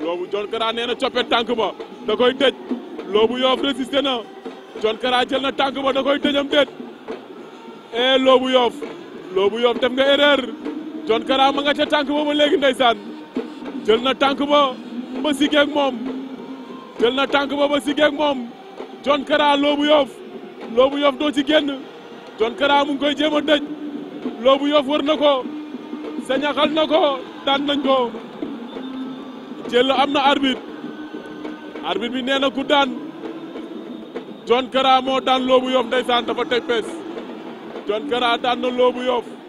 lobu John Kara nee na coppe ba da koy lobu loobu yoof résisté na John Kara jël na tank ba da koy tëjam déet e lobu yoof lobu yoof dem nga erreur John Kara ma nga ca tank ba ba léegi ndaysan jël na tank ba ba ak mom jël na tank ba ba sigeeg moom John Kara lobu yoof lobu yoof do ci génn John Kara mu ngoy koy jéem lobu dëj war nako sañaxal nako ko nañ ko jël am na arbitre arbitre bi nee na ku daan John Kara moo daan loobu yoof ndeysaan dafa teg pees John Kara daan na loobu yoof